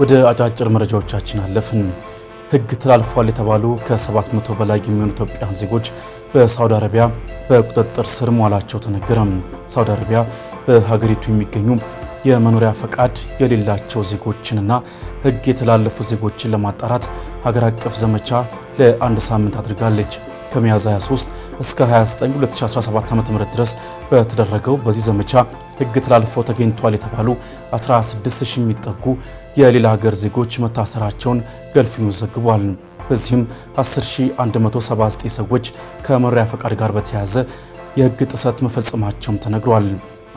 ወደ አጫጭር መረጃዎቻችን አለፍን። ህግ ተላልፏል የተባሉ ከ700 በላይ የሚሆኑ ኢትዮጵያውያን ዜጎች በሳውዲ አረቢያ በቁጥጥር ስር መዋላቸው ተነገረም። ሳውዲ አረቢያ በሀገሪቱ የሚገኙ የመኖሪያ ፈቃድ የሌላቸው ዜጎችንና ህግ የተላለፉ ዜጎችን ለማጣራት ሀገር አቀፍ ዘመቻ ለአንድ ሳምንት አድርጋለች። ከሚያዝያ 23 እስከ 29 2017 ዓ.ም ድረስ በተደረገው በዚህ ዘመቻ ሕግ ተላልፈው ተገኝቷል የተባሉ 16000 የሚጠጉ የሌላ ሀገር ዜጎች መታሰራቸውን ገልፍ ኒውስ ዘግቧል። በዚህም 10179 ሰዎች ከመኖሪያ ፈቃድ ጋር በተያያዘ የህግ ጥሰት መፈጸማቸውም ተነግሯል።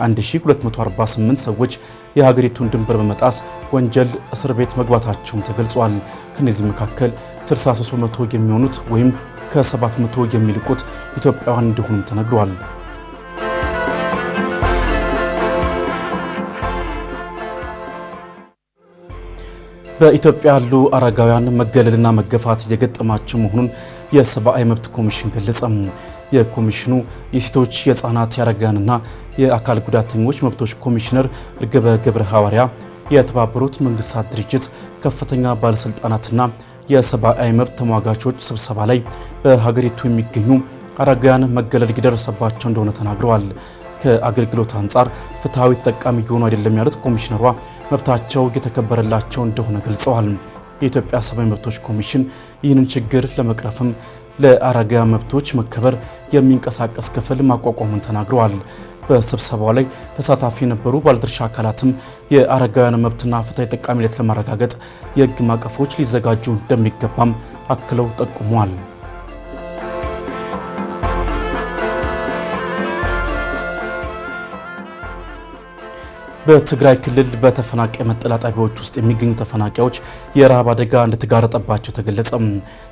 1248 ሰዎች የሀገሪቱን ድንበር በመጣስ ወንጀል እስር ቤት መግባታቸውም ተገልጿል። ከነዚህ መካከል 63 በመቶ የሚሆኑት ወይም ከሰባት መቶ የሚልቁት ኢትዮጵያውያን እንደሆኑም ተነግሯል። በኢትዮጵያ ያሉ አረጋውያን መገለልና መገፋት እየገጠማቸው መሆኑን የሰብአዊ መብት ኮሚሽን ገለጸም። የኮሚሽኑ የሴቶች የህፃናት የአረጋውያንና የአካል ጉዳተኞች መብቶች ኮሚሽነር እርግበ ገብረ ሐዋርያ የተባበሩት መንግስታት ድርጅት ከፍተኛ ባለሥልጣናትና የሰብአዊ መብት ተሟጋቾች ስብሰባ ላይ በሀገሪቱ የሚገኙ አረጋውያን መገለል እየደረሰባቸው እንደሆነ ተናግረዋል። ከአገልግሎት አንጻር ፍትሐዊ ተጠቃሚ እየሆኑ አይደለም ያሉት ኮሚሽነሯ መብታቸው እየተከበረላቸው እንደሆነ ገልጸዋል። የኢትዮጵያ ሰብአዊ መብቶች ኮሚሽን ይህንን ችግር ለመቅረፍም ለአረጋውያን መብቶች መከበር የሚንቀሳቀስ ክፍል ማቋቋሙን ተናግረዋል። በስብሰባው ላይ ተሳታፊ የነበሩ ባለድርሻ አካላትም የአረጋውያን መብትና ፍትሐዊ ጠቃሚነት ለማረጋገጥ የህግ ማዕቀፎች ሊዘጋጁ እንደሚገባም አክለው ጠቁመዋል። በትግራይ ክልል በተፈናቃይ መጠለያ ጣቢያዎች ውስጥ የሚገኙ ተፈናቃዮች የረሃብ አደጋ እንደተጋረጠባቸው ተገለጸ።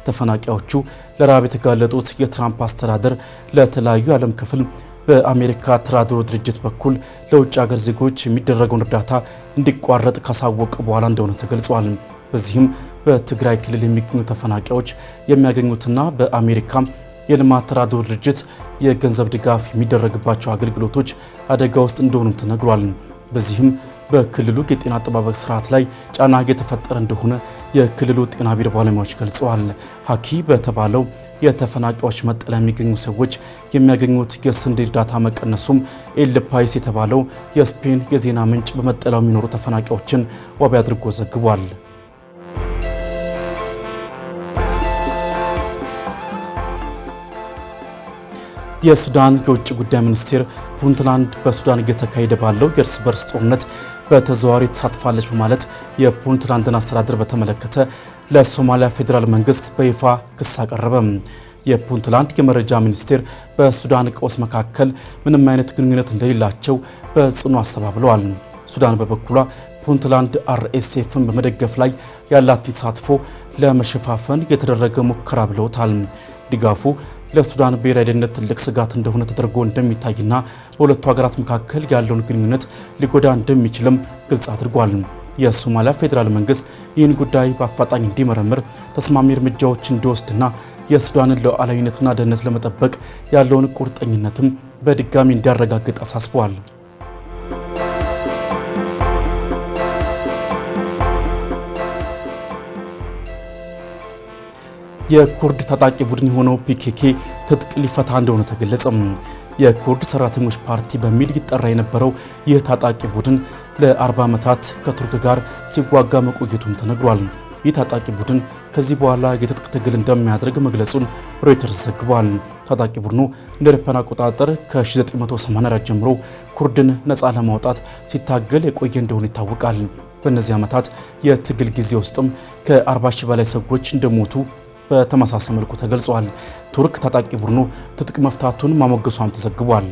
ተፈናቃዮቹ ለረሃብ የተጋለጡት የትራምፕ አስተዳደር ለተለያዩ የዓለም ክፍል በአሜሪካ ተራድኦ ድርጅት በኩል ለውጭ ሀገር ዜጎች የሚደረገውን እርዳታ እንዲቋረጥ ካሳወቀ በኋላ እንደሆነ ተገልጿል። በዚህም በትግራይ ክልል የሚገኙ ተፈናቃዮች የሚያገኙትና በአሜሪካ የልማት ተራድኦ ድርጅት የገንዘብ ድጋፍ የሚደረግባቸው አገልግሎቶች አደጋ ውስጥ እንደሆኑም ተነግሯል። በዚህም በክልሉ የጤና አጠባበቅ ስርዓት ላይ ጫና እየተፈጠረ እንደሆነ የክልሉ ጤና ቢሮ ባለሙያዎች ገልጸዋል። ሀኪ በተባለው የተፈናቃዮች መጠለያ የሚገኙ ሰዎች የሚያገኙት የስንዴ እርዳታ መቀነሱም ኤልፓይስ የተባለው የስፔን የዜና ምንጭ በመጠለያው የሚኖሩ ተፈናቃዮችን ዋቢ አድርጎ ዘግቧል። የሱዳን የውጭ ጉዳይ ሚኒስቴር ፑንትላንድ በሱዳን እየተካሄደ ባለው የእርስ በርስ ጦርነት በተዘዋዋሪ ተሳትፋለች በማለት የፑንትላንድን አስተዳደር በተመለከተ ለሶማሊያ ፌዴራል መንግስት በይፋ ክስ አቀረበ። የፑንትላንድ የመረጃ ሚኒስቴር በሱዳን ቀውስ መካከል ምንም አይነት ግንኙነት እንደሌላቸው በጽኑ አስተባብለዋል። ሱዳን በበኩሏ ፑንትላንድ አርኤስኤፍን በመደገፍ ላይ ያላትን ተሳትፎ ለመሸፋፈን የተደረገ ሙከራ ብለውታል። ድጋፉ ለሱዳን ብሔራዊ ደህንነት ትልቅ ስጋት እንደሆነ ተደርጎ እንደሚታይና በሁለቱ ሀገራት መካከል ያለውን ግንኙነት ሊጎዳ እንደሚችልም ግልጽ አድርጓል። የሶማሊያ ፌዴራል መንግስት ይህን ጉዳይ በአፋጣኝ እንዲመረምር ተስማሚ እርምጃዎች እንዲወስድና የሱዳንን ሉዓላዊነትና ደህንነት ለመጠበቅ ያለውን ቁርጠኝነትም በድጋሚ እንዲያረጋግጥ አሳስበዋል። የኩርድ ታጣቂ ቡድን የሆነው ፒኬኬ ትጥቅ ሊፈታ እንደሆነ ተገለጸም። የኩርድ ሰራተኞች ፓርቲ በሚል ይጠራ የነበረው ይህ ታጣቂ ቡድን ለ40 ዓመታት ከቱርክ ጋር ሲዋጋ መቆየቱም ተነግሯል። ይህ ታጣቂ ቡድን ከዚህ በኋላ የትጥቅ ትግል እንደሚያደርግ መግለጹን ሮይተርስ ዘግቧል። ታጣቂ ቡድኑ እንደ አውሮፓውያን አቆጣጠር ከ1984 ጀምሮ ኩርድን ነፃ ለማውጣት ሲታገል የቆየ እንደሆነ ይታወቃል። በእነዚህ ዓመታት የትግል ጊዜ ውስጥም ከ40 ሺህ በላይ ሰዎች እንደሞቱ በተመሳሳይ መልኩ ተገልጿል። ቱርክ ታጣቂ ቡድኑ ትጥቅ መፍታቱን ማሞገሷም ተዘግቧል።